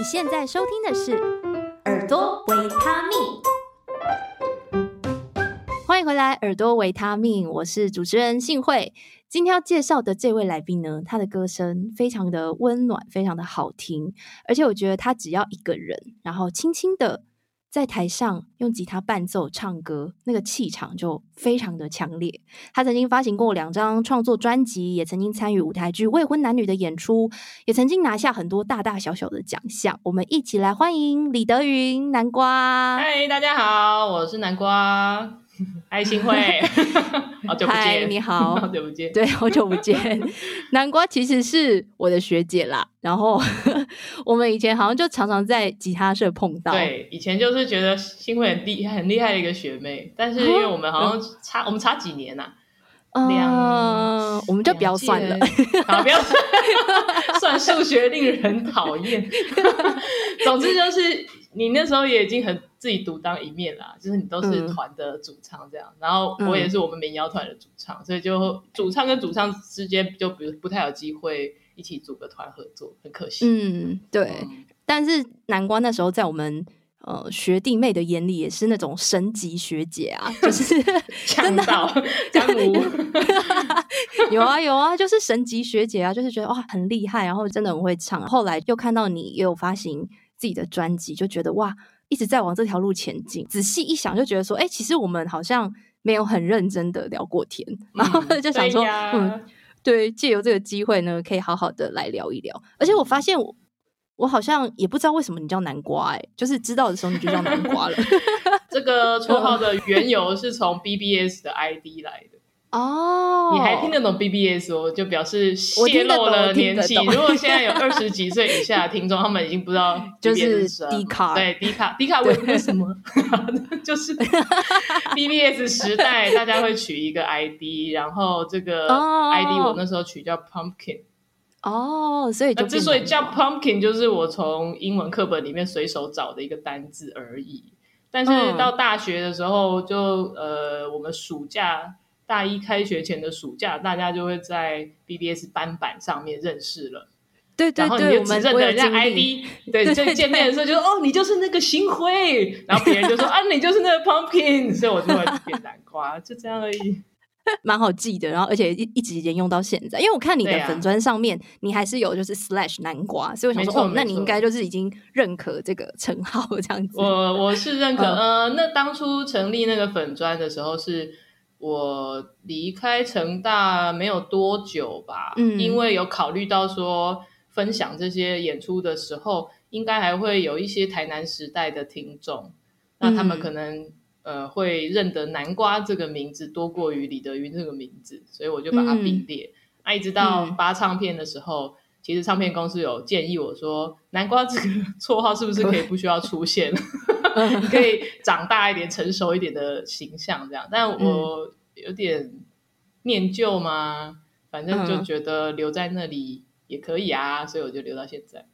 你現在收聽的是《耳朵維他命》，歡迎回來，《耳朵維他命》，我是主持人信慧。今天要介紹的這位來賓呢，他的歌聲非常的溫暖，非常的好聽，而且我覺得他只要一個人，然後輕輕的。在台上用吉他伴奏唱歌，那個氣場就非常的強烈。他曾經發行過兩張創作專輯，也曾經參與舞台劇《未婚男女》的演出，也曾經拿下很多大大小小的獎項。我們一起來歡迎李德筠南瓜。嗨，大家好，我是南瓜。嗨，信慧， 好久不見。Hi, 你好， 好久不見。 對，好久不見。 南瓜其實是我的學姐啦，然後。 我們以前好像就常常在吉他社碰到，對，以前就是覺得信慧很厲害、嗯、很厲害的一個學妹，但是因為我們好像差、嗯、我們差幾年吶、啊。嗯，uh, 件我們就不要算了，好不要算數 學令人討厭。 總之就是，你那時候也已經很自己獨當一面啦、啊，就是你都是團的主唱這樣。嗯、然後我也是我們民謠團的主唱，嗯、所以就主唱跟主唱之間就不不太有機會一起組個團合作，很可惜。嗯，對。嗯、但是南瓜那時候在我們。呃，學弟妹的眼裡也是那種神級學姐啊，就是 盜真的江、啊、湖 有啊有啊，就是神級學姐啊，就是覺得哇很厲害，然後真的很會唱。後來又看到你也有發行自己的專輯，就覺得哇一直在往這條路前進。仔細一想，就覺得說，哎、欸，其實我們好像沒有很認真的聊過天，然後就想說，嗯，啊、嗯，對，借由這個機會呢，可以好好的來聊一聊。而且我發現我。我好像也不知道為什麼你叫南瓜，欸，哎，就是知道的時候你就叫南瓜了。 這個綽號的緣由是從 BBS 的 ID 來的哦。Oh, 你還聽得懂 BBS 哦，就表示泄露了年紀。如果現在有二十幾歲以下的聽眾， 他們已經不知道是就是 Dcard，對，Dcard，Dcard 為什麼？ 就是 BBS 時代， 大家會取一個 ID，然後這個 ID 我那時候取叫 pumpkin。哦，oh, 所以就、呃、之所以叫 pumpkin 就是我從英文課本裡面隨手找的一個單字而已。但是到大學的時候就，就、oh. 呃，我們暑假大一開學前的暑假，大家就會在 BBS 班板上面認識了。對，對，對然後你就只認得人家 ID，對，就見面的時候就說對對對哦，你就是那個信慧，然後別人就說 啊，你就是那個 pumpkin，所以我就會變南瓜， 就這樣而已。蠻好記的，然後而且一一直沿用到現在，因為我看你的粉專上面，啊、你還是有就是 slash 南瓜，所以我想說，哦，那你應該就是已經認可這個稱號這樣子。我我是認可，好呃，那當初成立那個粉專的時候，是我離開成大沒有多久吧？嗯、因為有考慮到說分享這些演出的時候，應該還會有一些台南時代的聽眾，那他們可能，呃，會認得南瓜這個名字多過於李德筠這個名字，所以我就把它並列。那、嗯啊、一直到發唱片的時候，嗯、其實唱片公司有建議我說，南瓜這個綽號是不是可以不需要出現？你可,會 可以長大一點、 成熟一點的形象這樣。但我有點念舊嘛，嗯、反正就覺得留在那裡也可以啊，嗯、所以我就留到現在。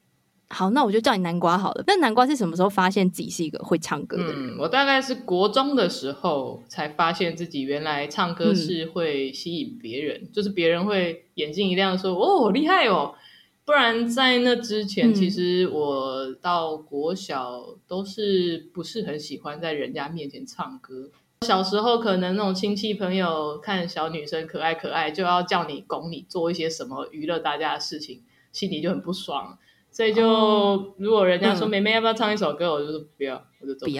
好，那我就叫你南瓜好了。那南瓜是什麼時候發現自己是一個會唱歌的人？嗯，我大概是國中的時候才發現自己原來唱歌是會吸引別人，嗯、就是別人會眼睛一亮，說：“哦，好厲害哦！”不然在那之前，嗯、其實我到國小都是不是很喜歡在人家面前唱歌。小時候可能那種親戚朋友看小女生可愛可愛，就要叫你拱你做一些什麼娛樂大家的事情，心裡就很不爽。所以就，如果人家說，妹妹要不要唱一首歌？嗯、我就說不要，我就走開。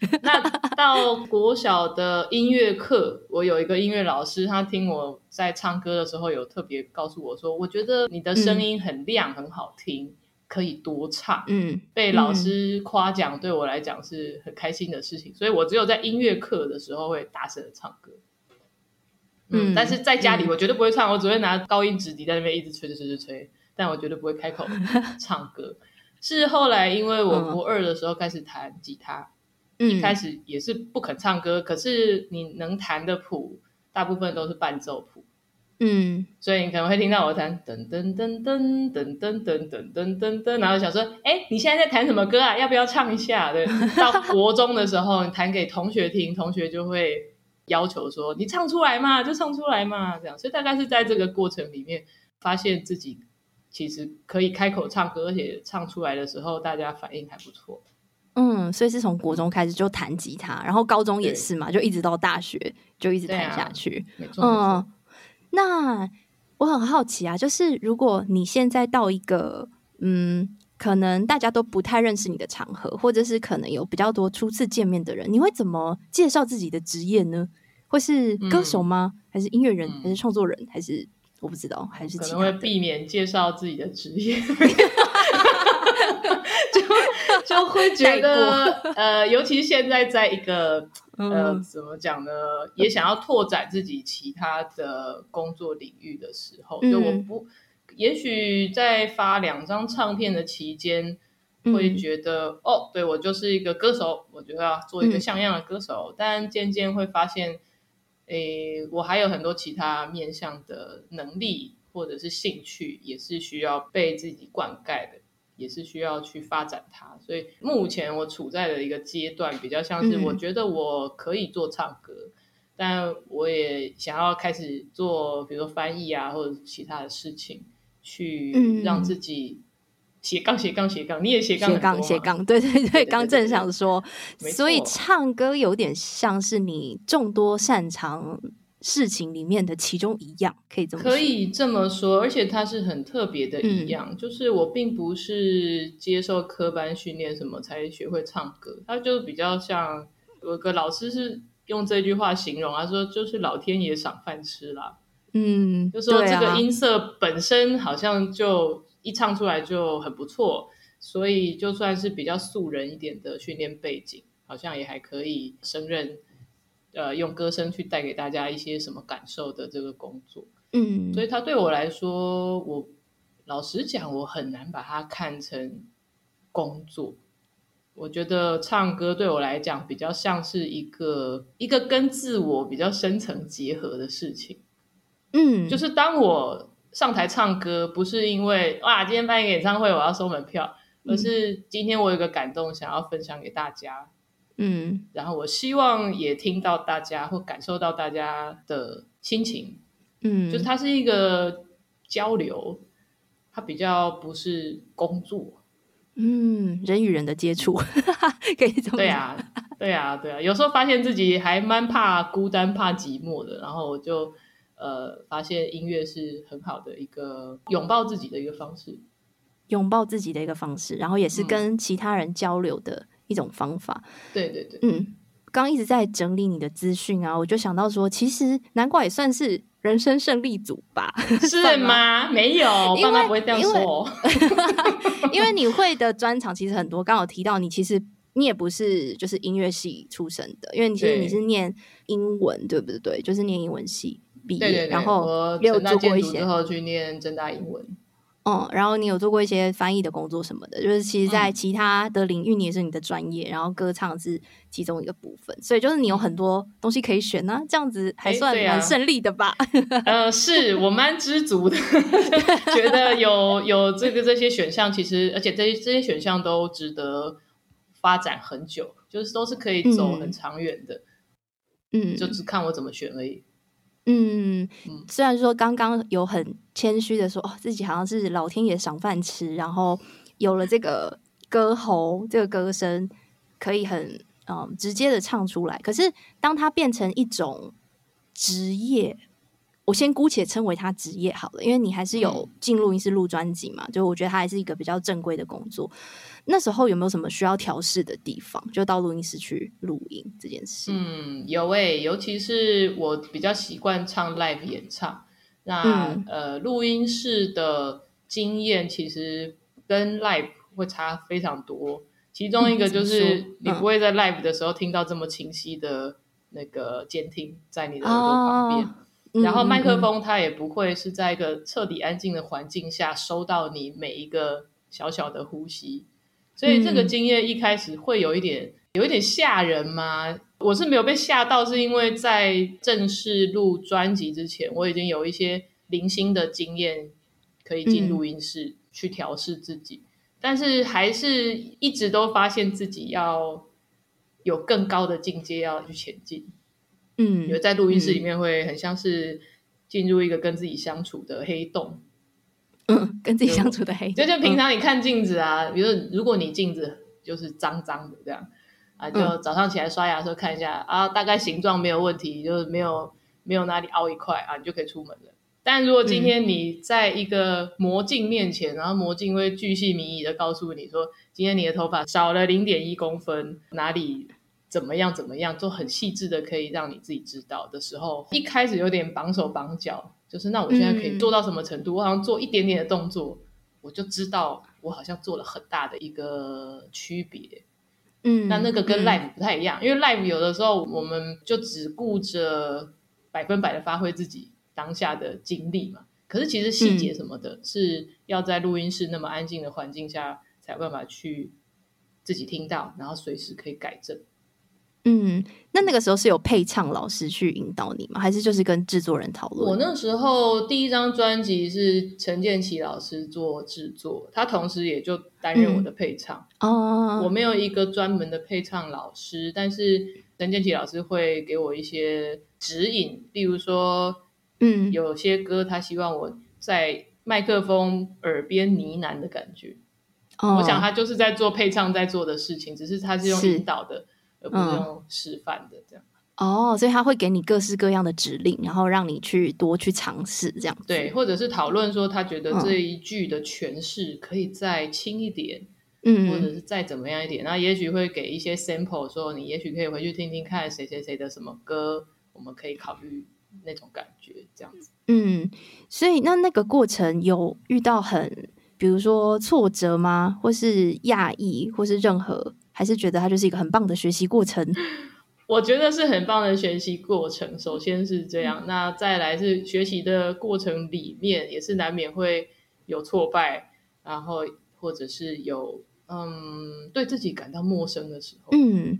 不要 那到國小的音樂課，我有一個音樂老師，他聽我在唱歌的時候，有特別告訴我說，我覺得你的聲音很亮，嗯、很好聽，可以多唱。嗯，被老師誇獎、嗯、對我來講是很開心的事情，所以我只有在音樂課的時候會大聲的唱歌。嗯，嗯但是在家裡我絕對不會唱，嗯、我只會拿高音直笛在那邊一直吹吹吹吹，吹。但我絕對不會開口唱歌。是後來因為我國二的時候開始彈吉他，一開始也是不肯唱歌。可是你能彈的譜，大部分都是伴奏譜。嗯，所以你可能會聽到我彈噔噔噔噔噔噔噔噔噔噔，然後想說：哎，你現在在彈什麼歌啊？要不要唱一下？對。到國中的時候，你彈給同學聽，同學就會要求說：你唱出來嘛，就唱出來嘛，這樣。所以大概是在這個過程裡面，發現自己。其實可以開口唱歌，而且唱出來的時候，大家反應還不錯。嗯，所以是從國中開始就彈吉他，嗯、然後高中也是嘛，對就一直到大學就一直彈下去。啊、嗯，那我很好奇啊，就是如果你現在到一個嗯，可能大家都不太認識你的場合，或者是可能有比較多初次見面的人，你會怎麼介紹自己的職業呢？會是歌手嗎？嗯、還是音樂人？嗯、還是創作人？還是？我不知道，還是可能會避免介紹自己的職業， 就會就會覺得呃，尤其現在在一個、嗯、呃怎麼講呢，也想要拓展自己其他的工作領域的時候，嗯、就我不也許在發兩張唱片的期間，會覺得、嗯、哦，對，我就是一個歌手，我覺得要做一個像樣的歌手，嗯、但漸漸會發現。誒、欸，我還有很多其他面向的能力或者是興趣，也是需要被自己灌溉的，也是需要去發展它。所以目前我處在的一個階段，比較像是我覺得我可以做唱歌，嗯嗯，但我也想要開始做，比如說翻譯啊，或者其他的事情，去讓自己。斜槓斜槓斜槓，你也斜槓斜槓斜槓，對對對，剛正想說，對對對對對，所以唱歌有點像是你眾多擅長事情裡面的其中一樣，可以這麼說。可以這麼說，而且它是很特別的一樣，嗯，就是我並不是接受科班訓練什麼才學會唱歌，它就比較像有個老師是用這句話形容，他說就是老天爺賞飯吃啦，嗯，就說這個音色本身好像就。一唱出來就很不錯，所以就算是比較素人一點的訓練背景，好像也還可以勝任。呃，用歌聲去帶給大家一些什麼感受的這個工作，嗯，所以他對我來說，我老實講，我很難把它看成工作。我覺得唱歌對我來講，比較像是一個一個跟自我比較深層結合的事情。嗯，就是當我。上台唱歌不是因為哇，今天辦一個演唱會，我要收門票，嗯、而是今天我有個感動，想要分享給大家，嗯，然後我希望也聽到大家或感受到大家的心情，嗯，就是它是一個交流，它比較不是工作，嗯，人與人的接觸， 可以這麼講，對啊，對啊，對啊，有時候發現自己還蠻怕孤單、怕寂寞的，然後我就。呃，發現音樂是很好的一個擁抱自己的一個方式，擁抱自己的一個方式，然後也是跟其他人交流的一種方法。嗯、對對對，嗯，剛一直在整理你的資訊啊，我就想到說，其實難怪也算是人生勝利組吧？是嗎？ 媽沒有，為爸媽不會這樣說，哦，因為， 因為你會的專場其實很多。剛好提到你，其實你也不是就是音樂系出身的，因為你其實你是念英文，對，對不對？對，就是念英文系。畢業，對對對然後沒有做過一些之後去念正大英文，嗯，然後你有做過一些翻譯的工作什麼的，就是其實在其他的領域，你也是你的專業，嗯、然後歌唱是其中一個部分，所以就是你有很多東西可以選呢，啊，這樣子還算蠻順利的吧？欸啊、呃，是我蠻知足的。 覺得有有這個這些選項，其實而且這些這些選項都值得發展很久，就是都是可以走很長遠的，嗯，就是看我怎麼選而已。嗯，雖然說剛剛有很謙虛的說，哦，自己好像是老天爺賞飯吃，然後有了這個歌喉，這個歌聲可以很嗯、呃、直接的唱出來。可是，當它變成一種職業。我先姑且稱為他職業好了，因為你還是有進錄音室錄專輯嘛，嗯、就我覺得他還是一個比較正規的工作。那時候有沒有什麼需要調試的地方？就到錄音室去錄音這件事？嗯，有哎、欸，尤其是我比較習慣唱 live 演唱，那、嗯、呃錄音室的經驗其實跟 live 會差非常多。其中一個就是你不會在 live 的時候聽到這麼清晰的那個監聽在你的耳朵旁邊。嗯然後麥克風它也不會是在一個徹底安靜的環境下收到你每一個小小的呼吸，所以這個經驗一開始會有一點有一點嚇人嗎？我是沒有被嚇到，是因為在正式錄專輯之前，我已經有一些零星的經驗可以進錄音室去調試自己，但是還是一直都發現自己要有更高的境界要去前進。嗯，有在錄音室裡面會很像是進入一個跟自己相處的黑洞，嗯，跟自己相處的黑洞，就，嗯、就像平常你看鏡子啊，嗯、比如說如果你鏡子就是髒髒的這樣，啊，就早上起來刷牙的時候看一下、嗯、啊，大概形狀沒有問題，就是沒有沒有哪裡凹一塊啊，你就可以出門了。但如果今天你在一個魔鏡面前，嗯、然後魔鏡會巨細靡遺的告訴你說，今天你的頭髮少了零點一公分，哪裡？怎麼樣？怎麼樣？做很細緻的，可以讓你自己知道的時候，一開始有點綁手綁腳，就是那我現在可以做到什麼程度？嗯，我好像做一點點的動作，我就知道我好像做了很大的一個區別。嗯，那那個跟 live 不太一樣，嗯，因為 live 有的時候我們就只顧着百分百的發揮自己當下的精力嘛。可是其實細節什麼的，是要在錄音室那麼安靜的環境下才有辦法去自己聽到，然後隨時可以改正。嗯，那那個時候是有配唱老師去引導你嗎？還是就是跟製作人討論？我那時候第一張專輯是陳建騏老師做製作，他同時也就擔任我的配唱。哦、嗯，我沒有一個專門的配唱老師，哦、但是陳建騏老師會給我一些指引，例如說，嗯，有些歌他希望我在麥克風耳邊呢喃的感覺。哦，我想他就是在做配唱在做的事情，只是他是用引導的。而不是用示範的這樣、嗯、哦，所以他會給你各式各樣的指令，然後讓你去多去嘗試這樣子對，或者是討論說他覺得這一句的詮釋可以再輕一點，嗯，或者是再怎麼樣一點，嗯、那也許會給一些 sample 說你也許可以回去聽聽看誰誰誰的什麼歌，我們可以考慮那種感覺這樣子。嗯，所以那那個過程有遇到很，比如說挫折嗎？或是訝異，或是任何？還是覺得它就是一個很棒的學習過程，我覺得是很棒的學習過程。首先是這樣，那再來是學習的過程裡面也是難免會有挫敗，然後或者是有嗯對自己感到陌生的時候。嗯，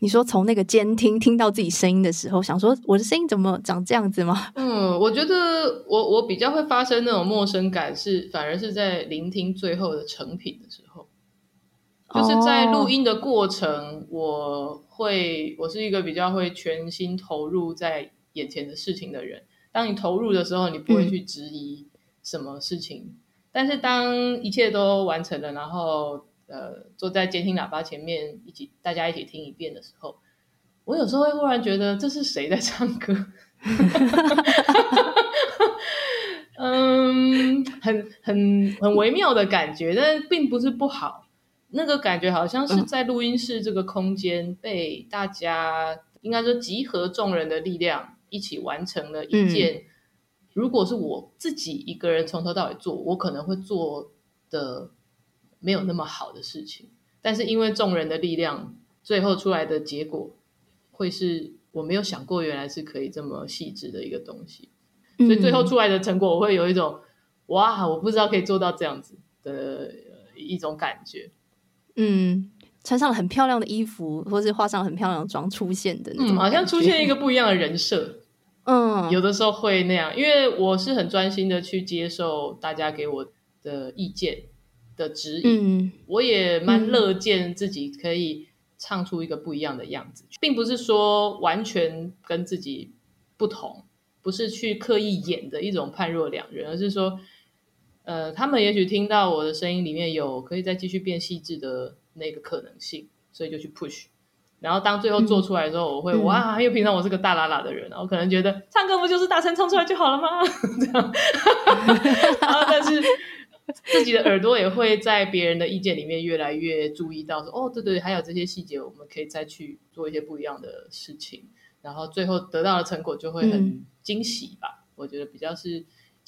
你說從那個監聽聽到自己聲音的時候，想說我的聲音怎麼長這樣子嗎？嗯，我覺得我我比較會發生那種陌生感是，是反而是在聆聽最後的成品的時候。就是在錄音的過程，oh. 我會，我是一個比較會全心投入在眼前的事情的人。當你投入的時候，你不會去質疑什麼事情。嗯、但是當一切都完成了，然後呃，坐在監聽喇叭前面一起，大家一起聽一遍的時候，我有時候會忽然覺得，這是誰在唱歌？ 嗯，很很很微妙的感覺，但並不是不好。那個感覺好像是在錄音室這個空間被大家、嗯、應該說集合眾人的力量一起完成了一件，嗯、如果是我自己一個人從頭到尾做，我可能會做的沒有那麼好的事情。但是因為眾人的力量，最後出來的結果會是我沒有想過原來是可以這麼細緻的一個東西，所以最後出來的成果，我會有一種、嗯、哇，我不知道可以做到這樣子的一種感覺。嗯，穿上了很漂亮的衣服，或是化上了很漂亮的妝出現的，怎麼嗯，好像出現一個不一樣的人設，嗯，有的時候會那樣，因為我是很專心的去接受大家給我的意見的指引，嗯、我也蠻樂見自己可以唱出一個不一樣的樣子，嗯、並不是說完全跟自己不同，不是去刻意演的一種判若兩人，而是說。呃，他們也許聽到我的聲音裡面有可以再繼續變細緻的那個可能性，所以就去 push。然後當最後做出來的時候，嗯、我會哇，又平常我是個大喇喇的人，我、嗯、可能覺得唱歌不就是大聲唱出來就好了嗎？ 這樣，但 是 自己的耳朵也會在別人的意見裡面越來越注意到說，說哦，對對，還有這些細節，我們可以再去做一些不一樣的事情，然後最後得到的成果就會很驚喜吧。嗯、我覺得比較是。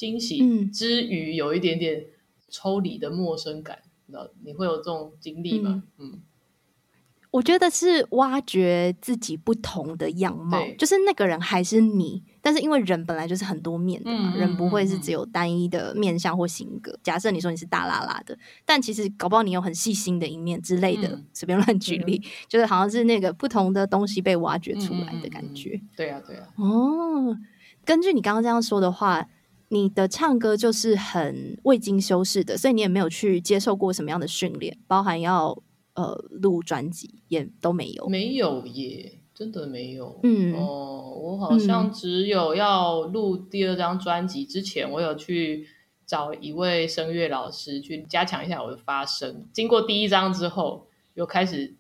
驚喜之餘，有一點點抽離的陌生感。道你會有這種經歷嗎？嗯，我覺得是挖掘自己不同的樣貌，就是那個人還是你，但是因為人本來就是很多面的嘛，人不會是只有單一的面相或性格。假設你說你是大拉拉的，但其實搞不好你有很細心的一面之類的，隨便亂舉例，就是好像是那個不同的東西被挖掘出來的感覺。對啊，對啊。哦，根據你剛剛這樣說的話，你的唱歌就是很未經修飾的，所以你也沒有去接受過什麼樣的訓練，包含要呃錄專輯也都沒有，沒有耶，真的沒有。嗯，哦，我好像只有要錄第二張專輯之前，嗯、我有去找一位聲樂老師去加強一下我的發聲。經過第一張之後，又開始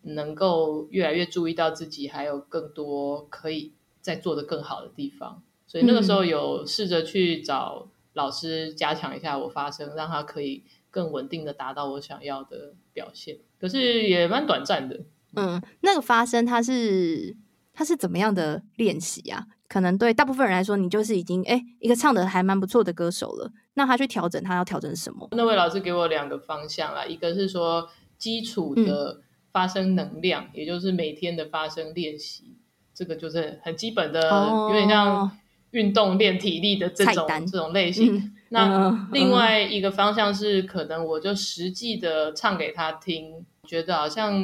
能夠越來越注意到自己還有更多可以再做得更好的地方。所以那個時候有試着去找老師加強一下我發聲，嗯、讓他可以更穩定地達到我想要的表現，可是也蠻短暫的。嗯，嗯那個發聲它是它是怎麼樣的練習啊？可能對大部分人來說，你就是已經哎一個唱得還蠻不錯的歌手了。那他去調整，他要調整什麼？那位老師給我兩個方向啊，一個是說基礎的發聲能量，嗯、也就是每天的發聲練習，這個就是很基本的，哦、有點像。運動練體力的這種單這種類型，嗯、那另外一個方向是，可能我就實際的唱給他聽，嗯、覺得好像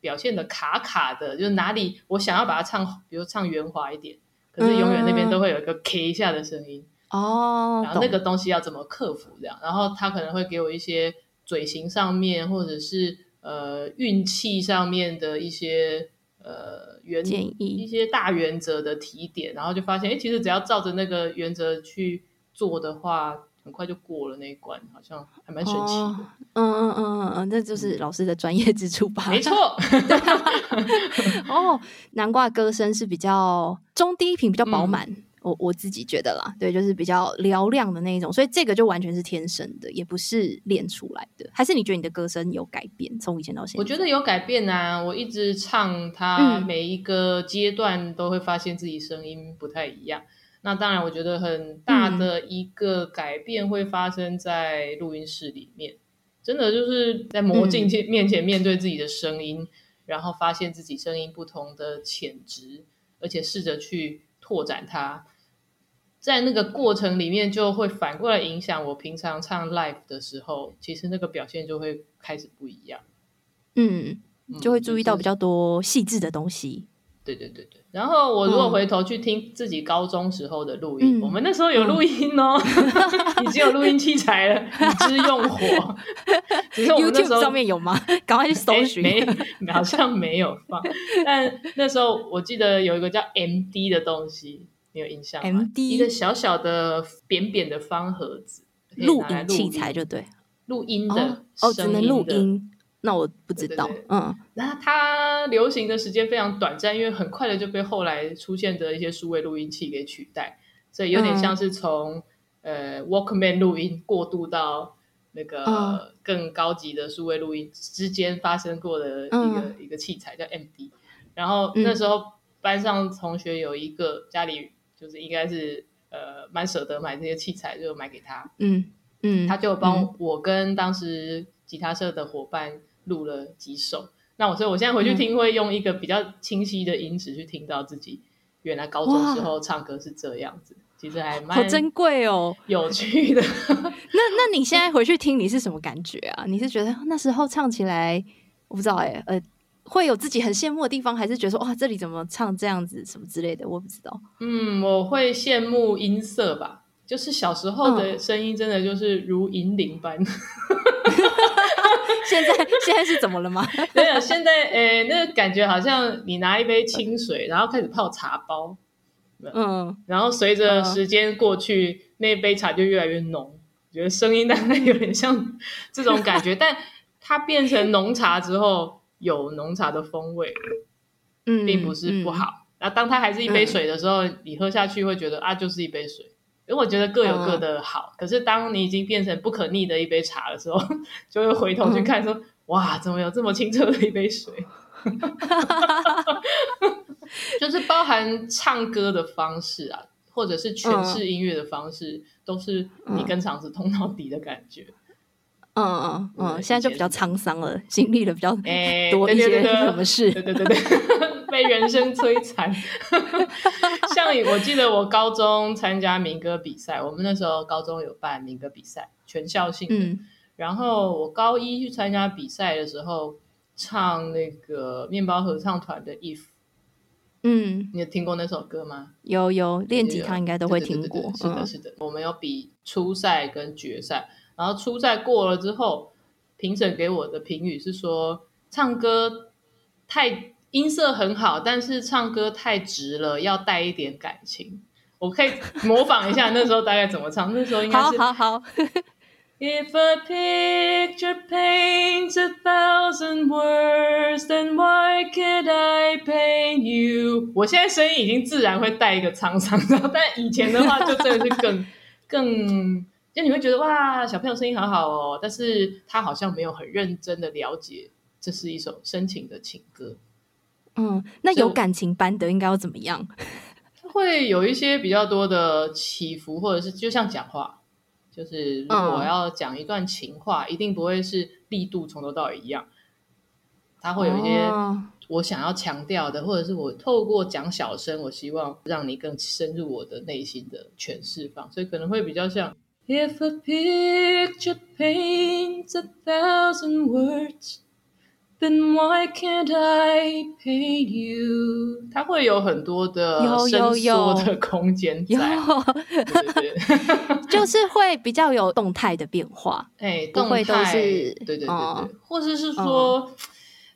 表現的卡卡的，就哪裡我想要把它唱，比如唱圓滑一點，可是永遠那邊都會有一個 K 一下的聲音哦，嗯、然後那個東西要怎麼克服這樣，哦、然後他可能會給我一些嘴型上面或者是呃運氣上面的一些。呃，原建議一些大原則的提點，然後就發現，哎、欸，其實只要照着那個原則去做的話，很快就過了那一關，好像還蠻神奇、哦。嗯嗯嗯嗯嗯，那就是老師的專業之處吧。沒錯。哦，南瓜歌聲是比較中低頻，比較飽滿。嗯我我自己覺得啦，對，就是比較嘹亮的那一種，所以這個就完全是天生的，也不是練出來的。還是你覺得你的歌聲有改變，從以前到現在？我覺得有改變啊！我一直唱，它每一個階段都會發現自己聲音不太一樣。嗯、那當然，我覺得很大的一個改變會發生在錄音室裡面，真的就是在魔鏡面前面對自己的聲音，嗯、然後發現自己聲音不同的潛質，而且試着去拓展它。在那個過程裡面，就會反過來影響我平常唱 live 的時候，其實那個表現就會開始不一樣，嗯，就會注意到比較多細緻的東西。對對對對，然後我如果回頭去聽自己高中時候的錄音，嗯、我們那時候有錄音哦，已經、嗯、 有錄音器材了，只是用火。只是 我們那時候上面有嗎？趕快去搜尋，沒，好像沒有放。但那時候我記得有一個叫 M D 的東西。你有印象嗎？MD？一個小小的扁扁的方盒子，可以拿來錄音，錄音器材就對，錄音的，哦，哦只能錄音。那我不知道，對對對嗯，然後它流行的時間非常短暫，因為很快的就被後來出現的一些數位錄音器給取代，所以有點像是從、嗯、呃 Walkman 錄音過渡到那個更高級的數位錄音之間發生過的一個、嗯、一個器材叫 MD。然後、嗯、那時候班上同學有一個家裡。就是應該是呃，蠻捨得買這些器材，就買給他。嗯嗯，嗯他就幫我跟當時吉他社的夥伴錄了幾首。嗯、那我所以我現在回去聽，會用一個比較清晰的音質去聽到自己原來高中時候唱歌是這樣子，哇其實還蠻好珍貴哦，有趣的。哦、 那那你現在回去聽，你是什麼感覺啊？你是覺得那時候唱起來，我不知道耶、欸，呃。會有自己很羨慕的地方，還是覺得說哇，這裡怎麼唱這樣子什麼之類的，我不知道。嗯，我會羨慕音色吧，就是小時候的聲音，真的就是如銀鈴般。嗯、 現在現在是怎麼了嗎？ 沒有，現在呃、欸，那個、感覺好像你拿一杯清水，嗯、然後開始泡茶包，嗯，然後隨着時間過去，嗯、那杯茶就越來越濃。覺得聲音大概有點像這種感覺， 但它變成濃茶之後。有濃茶的風味，嗯，並不是不好。那、嗯嗯啊、當它還是一杯水的時候，嗯、你喝下去會覺得啊，就是一杯水。因為我覺得各有各的好。嗯、可是當你已經變成不可逆的一杯茶的時候，就會回頭去看說，嗯、哇，怎麼有這麼清澈的一杯水？ 就是包含唱歌的方式啊，或者是詮釋音樂的方式，嗯、都是你跟腸子通到底的感覺。嗯嗯嗯嗯嗯，現在就比較滄桑了，經歷了比較多一些什麼事，對對對對，被人生摧殘。像我，我記得我高中參加民歌比賽，我們那時候高中有辦民歌比賽，全校性的。然後我高一去參加比賽的時候，唱那個麵包合唱團的《If》。嗯，你有聽過那首歌嗎？有有，練吉他應該都會聽過。是的，是的。我們有比初賽跟決賽。然後初賽過了之後，評審給我的評語是說，唱歌太音色很好，但是唱歌太直了，要帶一點感情。我可以模仿一下那時候大概怎麼唱。 那時候應該是好好好。 If a picture paints a thousand words, then why can't I paint you？我現在聲音已經自然會帶一個滄桑，但以前的話就真的是更 更。那你會覺得哇，小朋友聲音好好哦，但是他好像沒有很認真的了解，這是一首深情的情歌。嗯，那有感情版的應該要怎麼樣？會有一些比較多的起伏，或者是就像講話，就是如果我要講一段情話，嗯、一定不會是力度從頭到尾一樣。他會有一些我想要強調的，哦、或者是我透過講小聲，我希望讓你更深入我的內心的詮釋放，所以可能會比較像。If a picture paints a thousand words, then why can't I paint you？它會有很多的有有有的空間在，就是會比較有動態的變化。哎、欸，不會都是，動態，動態，對對對對，哦、或者是說，哦、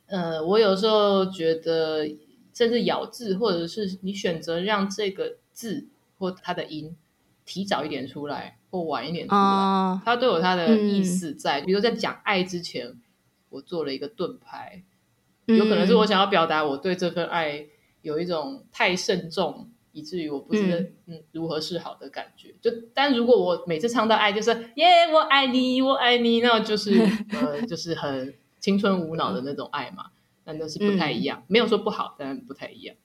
呃，我有時候覺得，甚至咬字，或者是你選擇讓這個字或它的音，提早一點出來或晚一點出來，oh, 他都有他的意思在。嗯、比如說，在講愛之前，我做了一個盾牌，有可能是我想要表達我對這份愛有一種太慎重，以至於我不知嗯，嗯如何是好的感覺。就但如果我每次唱到愛就，就是 耶我愛你，我愛你，那就是 呃就是很青春無腦的那種愛嘛，但那就是不太一樣，嗯、沒有說不好，但不太一樣。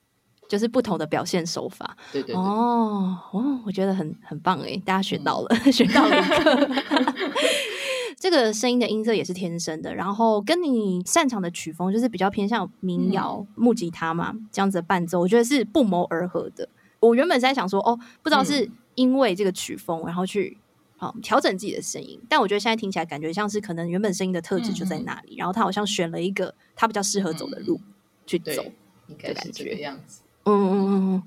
就是不同的表現手法，對對哦，哦，我覺得很很棒哎，大家學到了，嗯、學到了。 這個聲音的音色也是天生的，然後跟你擅長的曲風就是比較偏向民謠木吉他嘛，這樣子的伴奏，我覺得是不謀而合的。我原本是在想說，哦，不知道是因為這個曲風，然後去好調、嗯、整自己的聲音，但我覺得現在聽起來感覺像是可能原本聲音的特質就在那裡，嗯、然後他好像選了一個他比較適合走的路、嗯、去走，應該是這樣子。嗯嗯嗯，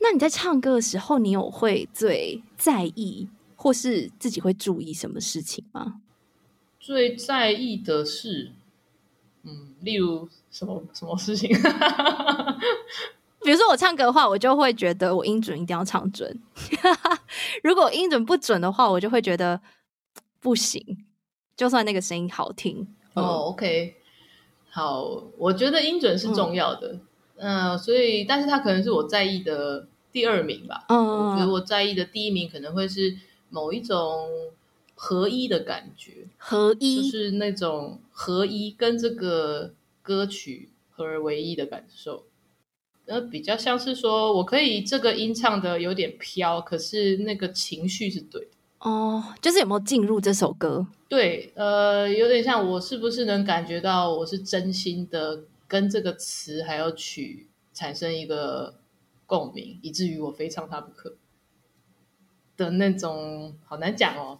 那你在唱歌的時候，你有會最在意或是自己會注意什麼事情嗎？最在意的是，嗯，例如什麼什麼事情？ 比如說我唱歌的話，我就會覺得我音準一定要唱準。 如果音準不準的話，我就會覺得不行。就算那個聲音好聽哦，嗯，Oh, OK，好，我覺得音準是重要的。嗯嗯，所以，但是他可能是我在意的第二名吧。嗯，oh, 我覺得我在意的第一名可能會是某一種合一的感覺，合一就是那種合一跟這個歌曲合而為一的感受。呃，比較像是說我可以這個音唱的有點飄，可是那個情緒是對的，oh, 就是有沒有進入這首歌？對，呃，有點像我是不是能感覺到我是真心的。跟這個詞還有曲產生一個共鳴，以至於我非唱它不可的那種，好難講哦，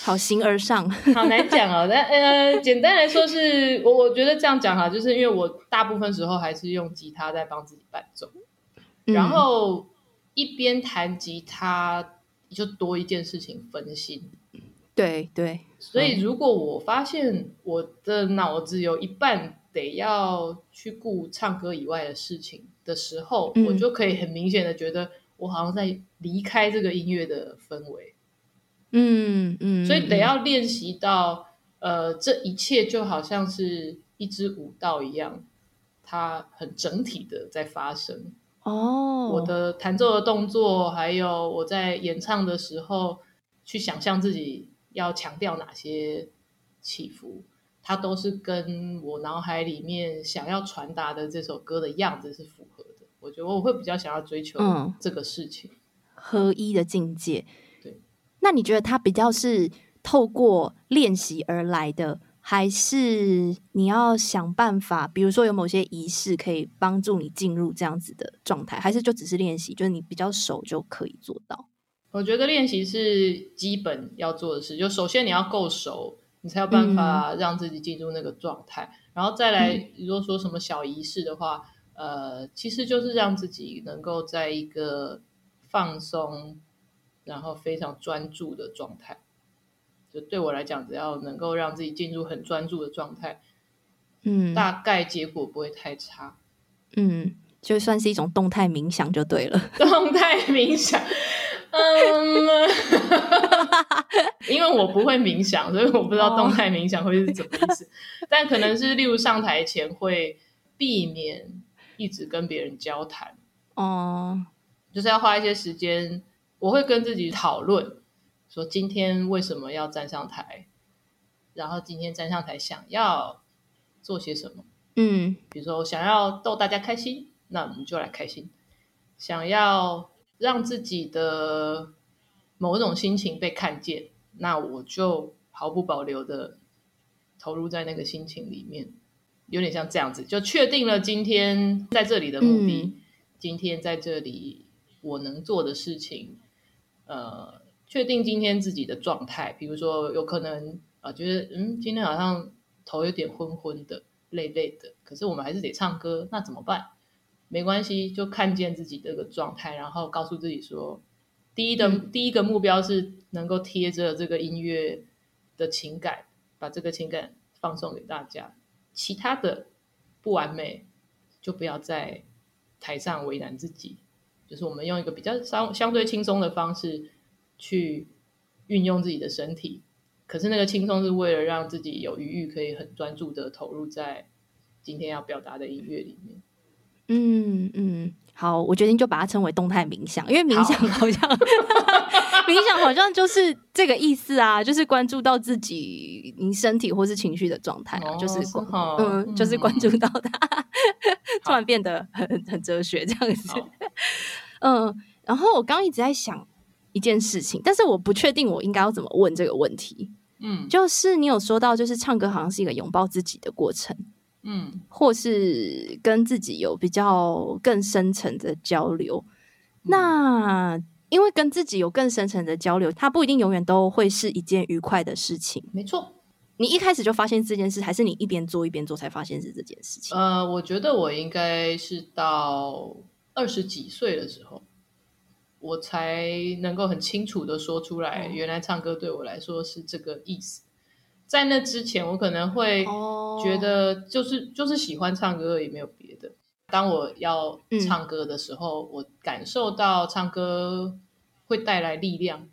好形而上，好難講哦。 但呃，簡單來說是，我我覺得這樣講哈、啊，就是因為我大部分時候還是用吉他在幫自己伴奏，嗯、然後一邊彈吉他就多一件事情分心，對對。對，所以如果我發現我的腦子有一半。得要去顧唱歌以外的事情的時候，嗯、我就可以很明顯的覺得我好像在離開這個音樂的氛圍。嗯嗯，嗯所以得要練習到，嗯、呃，這一切就好像是一支舞蹈一樣，它很整體的在發生。哦，我的彈奏的動作，還有我在演唱的時候，去想象自己要強調哪些起伏，它都是跟我腦海裡面想要傳達的這首歌的樣子是符合的，我覺得我會比較想要追求這個事情、嗯、合一的境界。對，那你覺得它比較是透過練習而來的，還是你要想辦法，比如說有某些儀式可以幫助你進入這樣子的狀態，還是就只是練習，就是你比較熟就可以做到？我覺得練習是基本要做的事，就首先你要夠熟。你才有辦法讓自己進入那個狀態，嗯、然後再來，如果說什麼小儀式的話，嗯、呃，其實就是讓自己能夠在一個放鬆，然後非常專注的狀態。就對我來講，只要能夠讓自己進入很專注的狀態，嗯，大概結果不會太差。嗯，就算是一種動態冥想就對了。動態冥想，嗯。 因為我不會冥想，所以我不知道動態冥想會是怎麼意思。Oh. 但可能是例如上台前會避免一直跟別人交談，哦，oh. 就是要花一些時間，我會跟自己討論，說今天為什麼要站上台，然後今天站上台想要做些什麼，嗯，mm. 比如說想要逗大家開心，那我們就來開心；想要讓自己的。某種心情被看見，那我就毫不保留地投入在那個心情裡面，有點像這樣子，就確定了今天在這裡的目的，嗯、今天在這裡我能做的事情，呃，確定今天自己的狀態，比如說有可能啊，覺得嗯，今天好像頭有點昏昏的，累累的，可是我們還是得唱歌，那怎麼辦？沒關係，就看見自己這個狀態，然後告訴自己說。第一的，第一個目標是能夠貼着這個音樂的情感，把這個情感放送給大家。其他的不完美，就不要在台上為難自己。就是我們用一個比較相相對輕鬆的方式去運用自己的身體，可是那個輕鬆是為了讓自己有餘裕，可以很專注的投入在今天要表達的音樂裡面。嗯嗯。嗯嗯好，我決定就把它稱為動態冥想，因為冥想好像好 冥想好像就是這個意思啊，就是關注到自己你身體或是情緒的狀態、啊，哦、就是,是好嗯，嗯就是關注到它，突然變得很好很哲學這樣子。好嗯，然後我剛剛一直在想一件事情，但是我不確定我應該要怎麼問這個問題。嗯，就是你有說到，就是唱歌好像是一個擁抱自己的過程。嗯，或是跟自己有比較更深層的交流，嗯、那因為跟自己有更深層的交流，它不一定永遠都會是一件愉快的事情。沒錯，你一開始就發現這件事，還是你一邊做一邊做才發現是這件事情？呃，我覺得我應該是到二十幾歲的時候，我才能夠很清楚的說出來，原來唱歌對我來說是這個意思。在那之前，我可能會覺得就是、oh. 就是、就是喜歡唱歌，也沒有別的。當我要唱歌的時候，嗯、我感受到唱歌會帶來力量，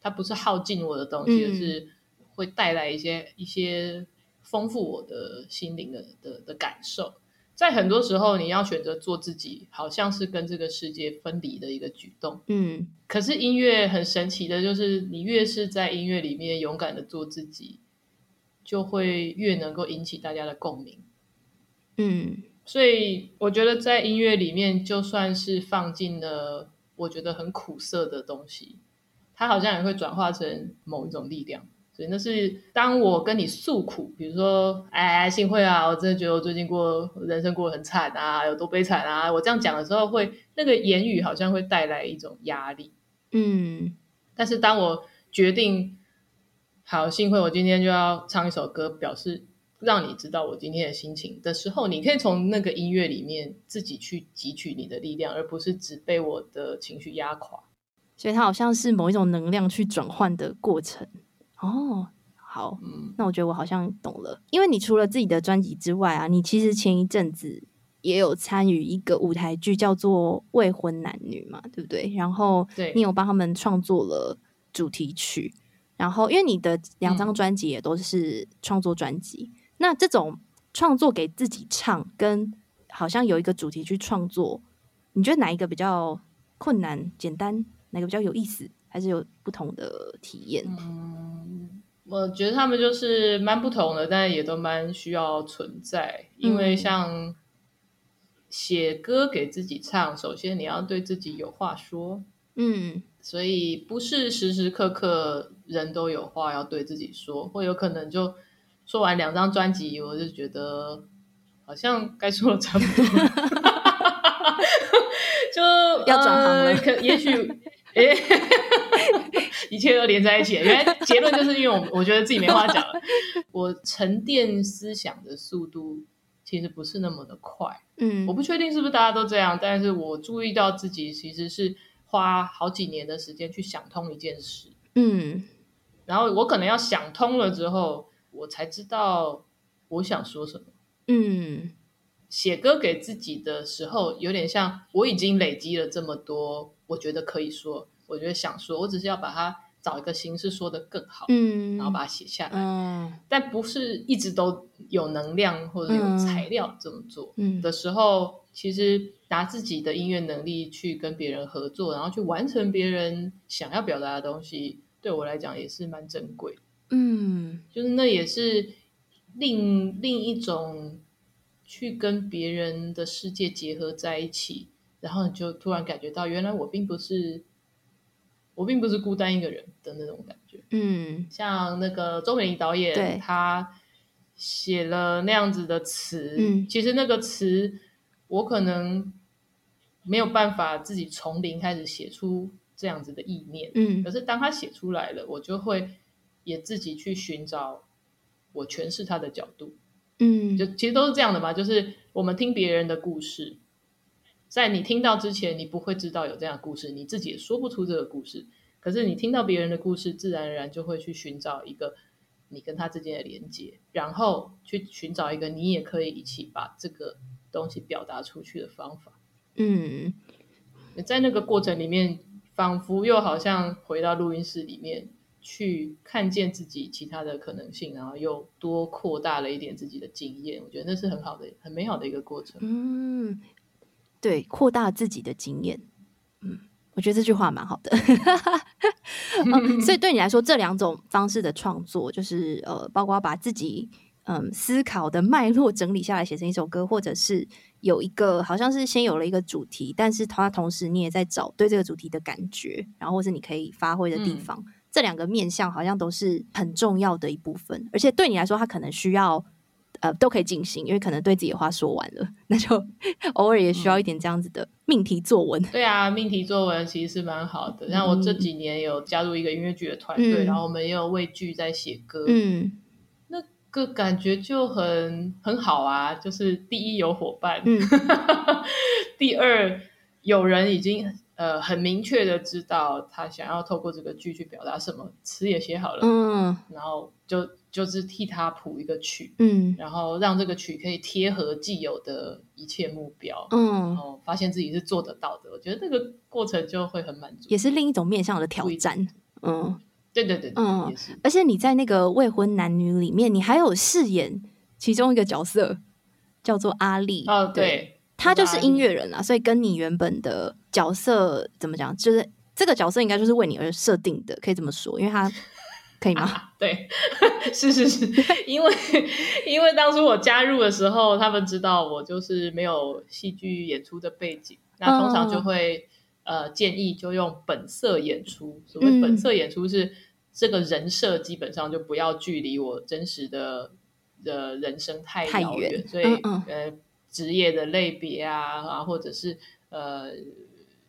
它不是耗盡我的東西，而、嗯、是會帶來一些一些豐富我的心靈的的的感受。在很多時候，你要選擇做自己，好像是跟這個世界分離的一個舉動。嗯，可是音樂很神奇的，就是你越是在音樂裡面勇敢的做自己。就會越能夠引起大家的共鳴，嗯，所以我覺得在音樂裡面，就算是放進了我覺得很苦澀的東西，它好像也會轉化成某一種力量。所以那是當我跟你訴苦，比如說，哎，幸會啊，我真的覺得我最近過人生過得很慘啊，有多悲慘啊，我這樣講的時候會，會那個言語好像會帶來一種壓力，嗯，但是當我決定。好，幸會！我今天就要唱一首歌，表示讓你知道我今天的心情的時候，你可以從那個音樂裡面自己去汲取你的力量，而不是只被我的情緒壓垮。所以它好像是某一種能量去轉換的過程。哦，好，嗯，那我覺得我好像懂了。因為你除了自己的專輯之外啊，你其實前一陣子也有參與一個舞台劇，叫做《未婚男女》嘛，對不對？然後你有幫他們創作了主題曲。然後，因為你的兩張專輯也都是創作專輯，嗯、那這種創作給自己唱，跟好像有一個主題去創作，你覺得哪一個比較困難、簡單？哪個比較有意思？還是有不同的體驗？嗯，我覺得他們就是蠻不同的，但是也都蠻需要存在，嗯、因為像寫歌給自己唱，首先你要對自己有話說，嗯。所以不是時時刻刻人都有話要對自己說，或有可能就說完兩張專輯，我就覺得好像該說的差不多 就，就要轉行了。呃、可也許， 欸、 一切都連在一起。原來結論就是因為我我覺得自己沒話講了。 我沉澱思想的速度其實不是那麼的快，嗯，我不確定是不是大家都這樣，但是我注意到自己其實是。花好幾年的時間去想通一件事，嗯，然後我可能要想通了之後，我才知道我想說什麼，嗯，寫歌給自己的時候，有點像我已經累積了這麼多，我覺得可以說，我覺得想說，我只是要把它找一個形式說得更好，嗯，然後把它寫下來，嗯，但不是一直都有能量或者有材料這麼做，嗯，的時候，其實。拿自己的音樂能力去跟別人合作，然後去完成別人想要表達的東西，對我來講也是蠻珍貴。嗯，就是那也是另另一種去跟別人的世界結合在一起，然後你就突然感覺到，原來我並不是我並不是孤單一個人的那種感覺。嗯，像那個周美玲導演，對他寫了那樣子的詞，嗯，其實那個詞我可能。沒有辦法自己從零開始寫出這樣子的意念，嗯，可是當他寫出來了，我就會也自己去尋找我詮釋他的角度，嗯，就其實都是這樣的嘛，就是我們聽別人的故事，在你聽到之前，你不會知道有這樣的故事，你自己也說不出這個故事，可是你聽到別人的故事，自然而然就會去尋找一個你跟他之間的連接，然後去尋找一個你也可以一起把這個東西表達出去的方法。嗯，在那個過程裡面，仿佛又好像回到錄音室裡面去，看見自己其他的可能性，然後又多擴大了一點自己的經驗。我覺得那是很好的、很美好的一個過程。嗯，對，擴大自己的經驗。嗯，我覺得這句話蠻好的。 嗯，所以對你來說，這兩種方式的創作，就是呃，包括把自己。嗯，思考的脈絡整理下來寫成一首歌，或者是有一個好像是先有了一個主題，但是它同時你也在找對這個主題的感覺，然後或是你可以發揮的地方，嗯、這兩個面向好像都是很重要的一部分。而且對你來說，它可能需要呃都可以進行，因為可能對自己的話說完了，那就偶爾也需要一點這樣子的命題作文。嗯、對啊，命題作文其實是蠻好的。像我這幾年有加入一個音樂劇的團隊，嗯、然後我們也有為劇在寫歌。嗯。個感覺就很很好啊，就是第一有夥伴，嗯、 第二有人已經呃很明確的知道他想要透過這個劇去表達什麼，詞也寫好了，嗯，然後就就是替他譜一個曲，嗯，然後讓這個曲可以貼合既有的一切目標，嗯，然後發現自己是做得到的，我覺得這個過程就會很滿足，也是另一種面向的挑戰，嗯。對對對，對嗯，是而且你在那個未婚男女裡面，你還有飾演其中一個角色，叫做阿麗。哦，對，對他就是音樂人啊，所以跟你原本的角色怎麼講，就是這個角色應該就是為你而設定的，可以這麼說，因為他 可以嗎？啊、對， 是是是，因為因為當初我加入的時候，他們知道我就是沒有戲劇演出的背景，嗯、那通常就會。呃，建議就用本色演出。所謂本色演出是，這個人設基本上就不要距離我真實的的，呃，人生太遙遠，太遠，所以嗯嗯呃，職業的類別啊啊，或者是呃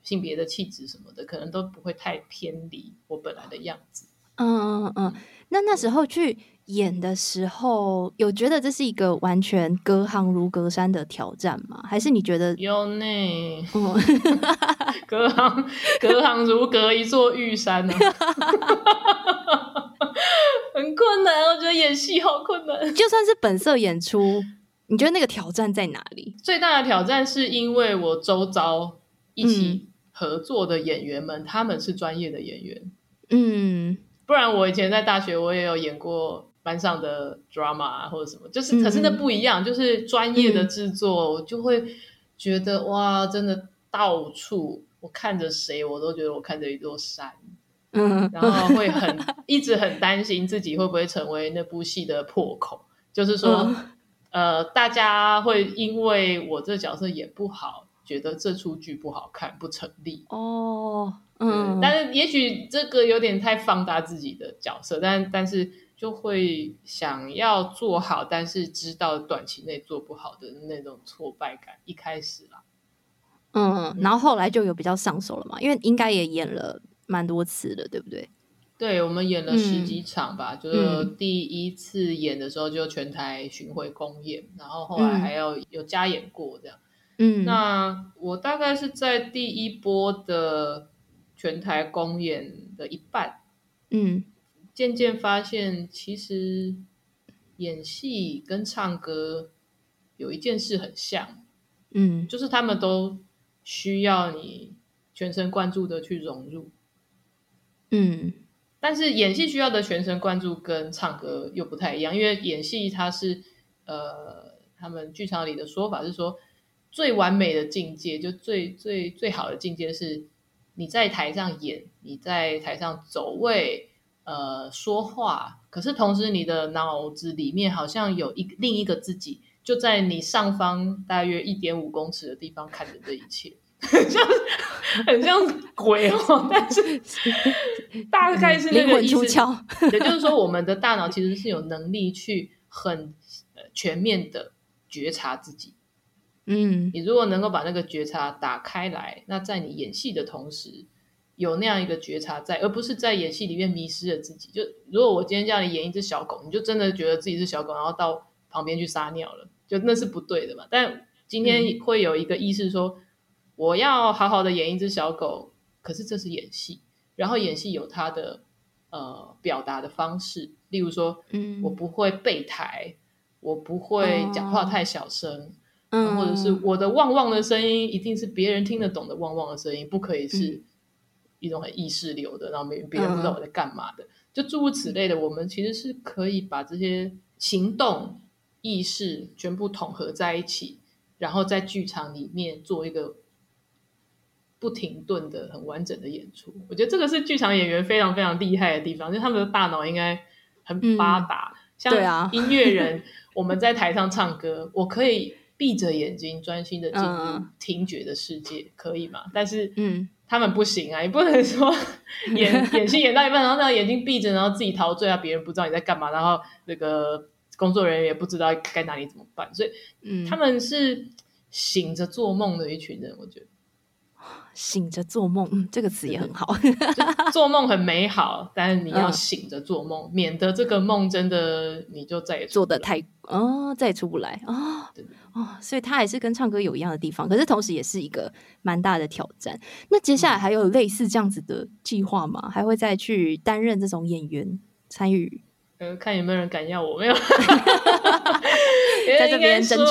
性別的氣質什麼的，可能都不會太偏離我本來的樣子。嗯嗯嗯，那那時候去。演的時候有覺得這是一個完全隔行如隔山的挑戰嗎？還是你覺得有呢內？嗯、 隔行隔行如隔一座玉山呢、啊， 很困難。我覺得演戲好困難。就算是本色演出，你覺得那個挑戰在哪裡？最大的挑戰是因為我周遭一起合作的演員們，嗯、他們是專業的演員。嗯，不然我以前在大學我也有演過。班上的 drama 或者什麼，就是，可是那不一樣，嗯嗯，就是專業的製作，我、嗯嗯、就會覺得哇，真的到處我看着誰，我都覺得我看着一座山，嗯，然後會很 一直很擔心自己會不會成為那部戲的破口，就是說，嗯、呃，大家會因為我這角色演不好，覺得這出劇不好看，不成立哦是，嗯，但是也許這個有點太放大自己的角色，但但是。就會想要做好，但是知道短期內做不好的那種挫敗感，一開始啦。嗯，嗯然後後來就有比較上手了嘛，因為應該也演了蠻多次的，對不對？對，我們演了十幾場吧。嗯、就是第一次演的時候就全台巡迴公演，嗯、然後後來還有、嗯、有加演過這樣。嗯，那我大概是在第一波的全台公演的一半。嗯。漸漸發現，其實演戲跟唱歌有一件事很像，嗯，就是他們都需要你全神貫注的去融入，嗯，但是演戲需要的全神貫注跟唱歌又不太一樣，因為演戲它是，呃，他們劇場裡的說法是說，最完美的境界就最最最好的境界是，你在台上演，你在台上走位，呃，說話，可是同時你的腦子裡面好像有一另一個自己，就在你上方大約一點五公尺的地方看着這一切，很 像、就是、很像鬼哦。 但是大概是那個意思，也 就是說，我們的大腦其實是有能力去很、呃、全面的覺察自己。嗯，你如果能夠把那個覺察打開來，那在你演戲的同時。有那樣一個覺察在，而不是在演戲裡面迷失了自己。就如果我今天這樣演一隻小狗，你就真的覺得自己是小狗，然後到旁邊去撒尿了，就那是不對的嘛。但今天會有一個意識說，嗯、我要好好的演一隻小狗，可是這是演戲，然後演戲有它的呃表達的方式，例如說、嗯、我不會背台，我不會講話太小聲，啊、嗯，或者是我的汪汪的聲音一定是別人聽得懂的汪汪的聲音，不可以是。嗯一種很意識流的，然後別人不知道我在幹嘛的，嗯、就諸如此類的。我們其實是可以把這些行動意識全部統合在一起，然後在劇場裡面做一個不停頓的、很完整的演出。我覺得這個是劇場演員非常非常厲害的地方，就是、嗯、他們的大腦應該很發達。嗯、像音樂人，啊、我們在台上唱歌， 我可以閉着眼睛專心的進入聽覺的世界，嗯、可以嗎？但是，嗯。他們不行啊，你不能說演演戲演到一半，然後那個眼睛閉着，然後自己陶醉啊，別人不知道你在幹嘛，然後那個工作人員也不知道該拿你怎麼辦，所以，嗯，他們是醒着做夢的一群人，我覺得。醒着做夢、嗯、這個詞也很好。做夢很美好，但你要醒着做夢，嗯、免得這個夢真的你就再也做得太哦，再也出不來啊、哦對哦，所以它還是跟唱歌有一樣的地方，可是同時也是一個蠻大的挑戰。那接下來還有類似這樣子的計劃嗎？嗯、還會再去擔任這種演員參與？參與呃，看有沒有人敢要我？沒有， 在這邊徵求。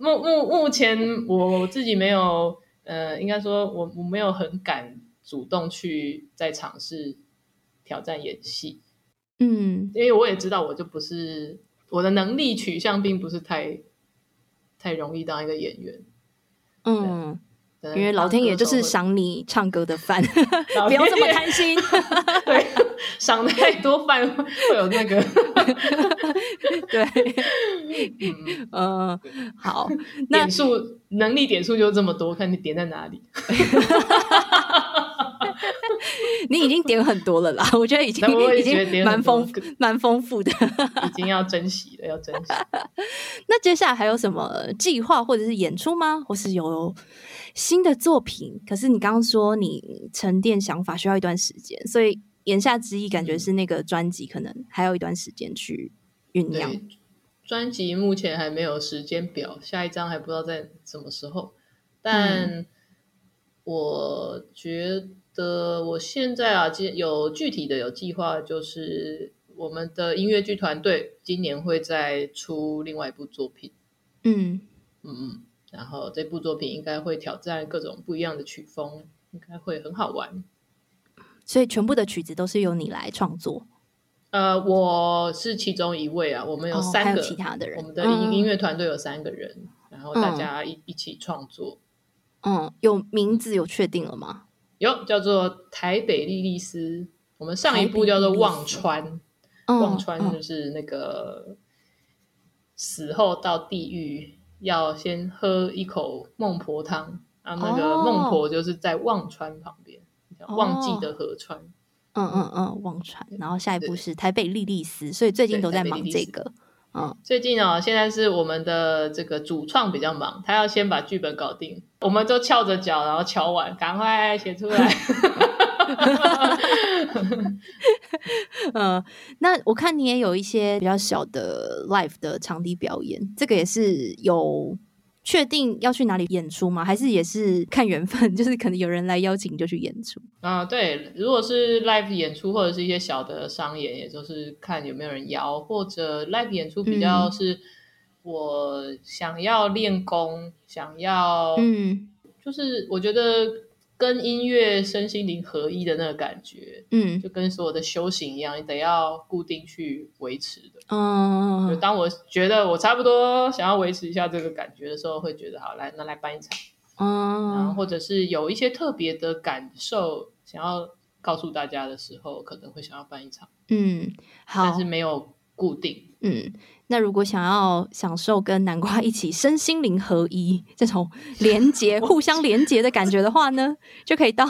目目、欸、目前我自己沒有。呃，應該說我，我我沒有很敢主動去再嘗試挑戰演戲，嗯，因為我也知道，我就不是我的能力取向，並不是太太容易當一個演員，嗯。因為老天爺就是賞你唱歌的飯， 不要這麼貪心。對， 賞太多飯會有那個。 對，嗯，呃、對好。點數數那能力點數就這麼多，看你點在哪裡。 你已經點很多了啦，我覺得已經已經蠻豐蠻豐富的， 已經要珍惜了，要珍惜了。 那接下來還有什麼計劃或者是演出嗎？或是有？新的作品。可是你剛剛說，你沉澱想法需要一段時間，所以言下之意，感覺是那個專輯可能還有一段時間去醞釀。專輯目前還沒有時間表，下一張還不知道在什麼時候。但我覺得我現在啊，有具體的有計劃，就是我們的音樂劇團隊今年會再出另外一部作品。嗯嗯嗯。嗯然後這部作品應該會挑戰各種不一樣的曲風，應該會很好玩。所以全部的曲子都是由你來創作？呃，我是其中一位啊，我們有三個、哦、有其他的人，我們的音樂團隊有三個人，嗯、然後大家一、嗯、一起創作。嗯，有名字有確定了嗎？有，叫做台北莉莉絲。我們上一部叫做《忘川》莉莉絲，忘、嗯、川就是那個死後到地獄。要先喝一口孟婆湯啊，然後那個孟婆就是在忘川旁邊，忘記、oh. 的河川，嗯嗯嗯，忘川。對然後下一步是台北莉莉絲，對所以最近都在忙這個。莉莉 oh. 最近哦，現在是我們的這個主創比較忙，他要先把劇本搞定，我們都翹着腳，然後敲完，趕快寫出來。 嗯、 呃，那我看你也有一些比較小的 live 的場地表演，這個也是有確定要去哪裡演出嗎？還是也是看緣分？就是可能有人來邀請你就去演出啊、呃？對，如果是 live 演出或者是一些小的商演，也就是看有沒有人邀，或者 live 演出比較是我想要練功，嗯、想要嗯，就是我覺得。跟音樂身心靈合一的那個感覺，嗯，就跟所有的修行一樣，你得要固定去維持的。嗯，當我覺得我差不多想要維持一下這個感覺的時候，會覺得好來，那來辦一場，嗯，然後或者是有一些特別的感受想要告訴大家的時候，可能會想要辦一場，嗯，好，但是沒有固定，嗯。那如果想要享受跟南瓜一起身心靈合一這種連接、 互相連接的感覺的話呢，就可以到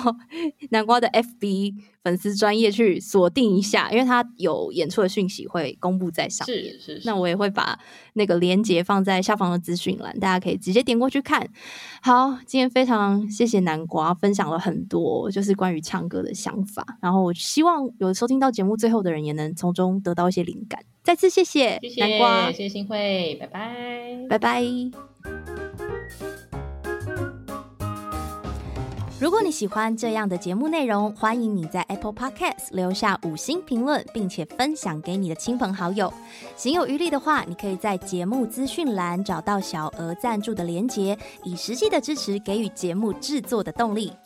南瓜的 FB。粉絲專業去鎖定一下，因為他有演出的訊息會公布在上面。是是是。那我也會把那個鏈接放在下方的資訊欄，大家可以直接點過去看。好，今天非常謝謝南瓜分享了很多，就是關於唱歌的想法。然後我希望有收聽到節目最後的人，也能從中得到一些靈感。再次謝謝，謝謝南瓜，謝謝信慧，拜拜，拜拜。拜拜。如果你喜歡這樣的節目內容，歡迎你在 Apple Podcast 留下五星評論，並且分享給你的親朋好友。行有餘力的話，你可以在節目資訊欄找到小額贊助的連結，以實際的支持給予節目製作的動力。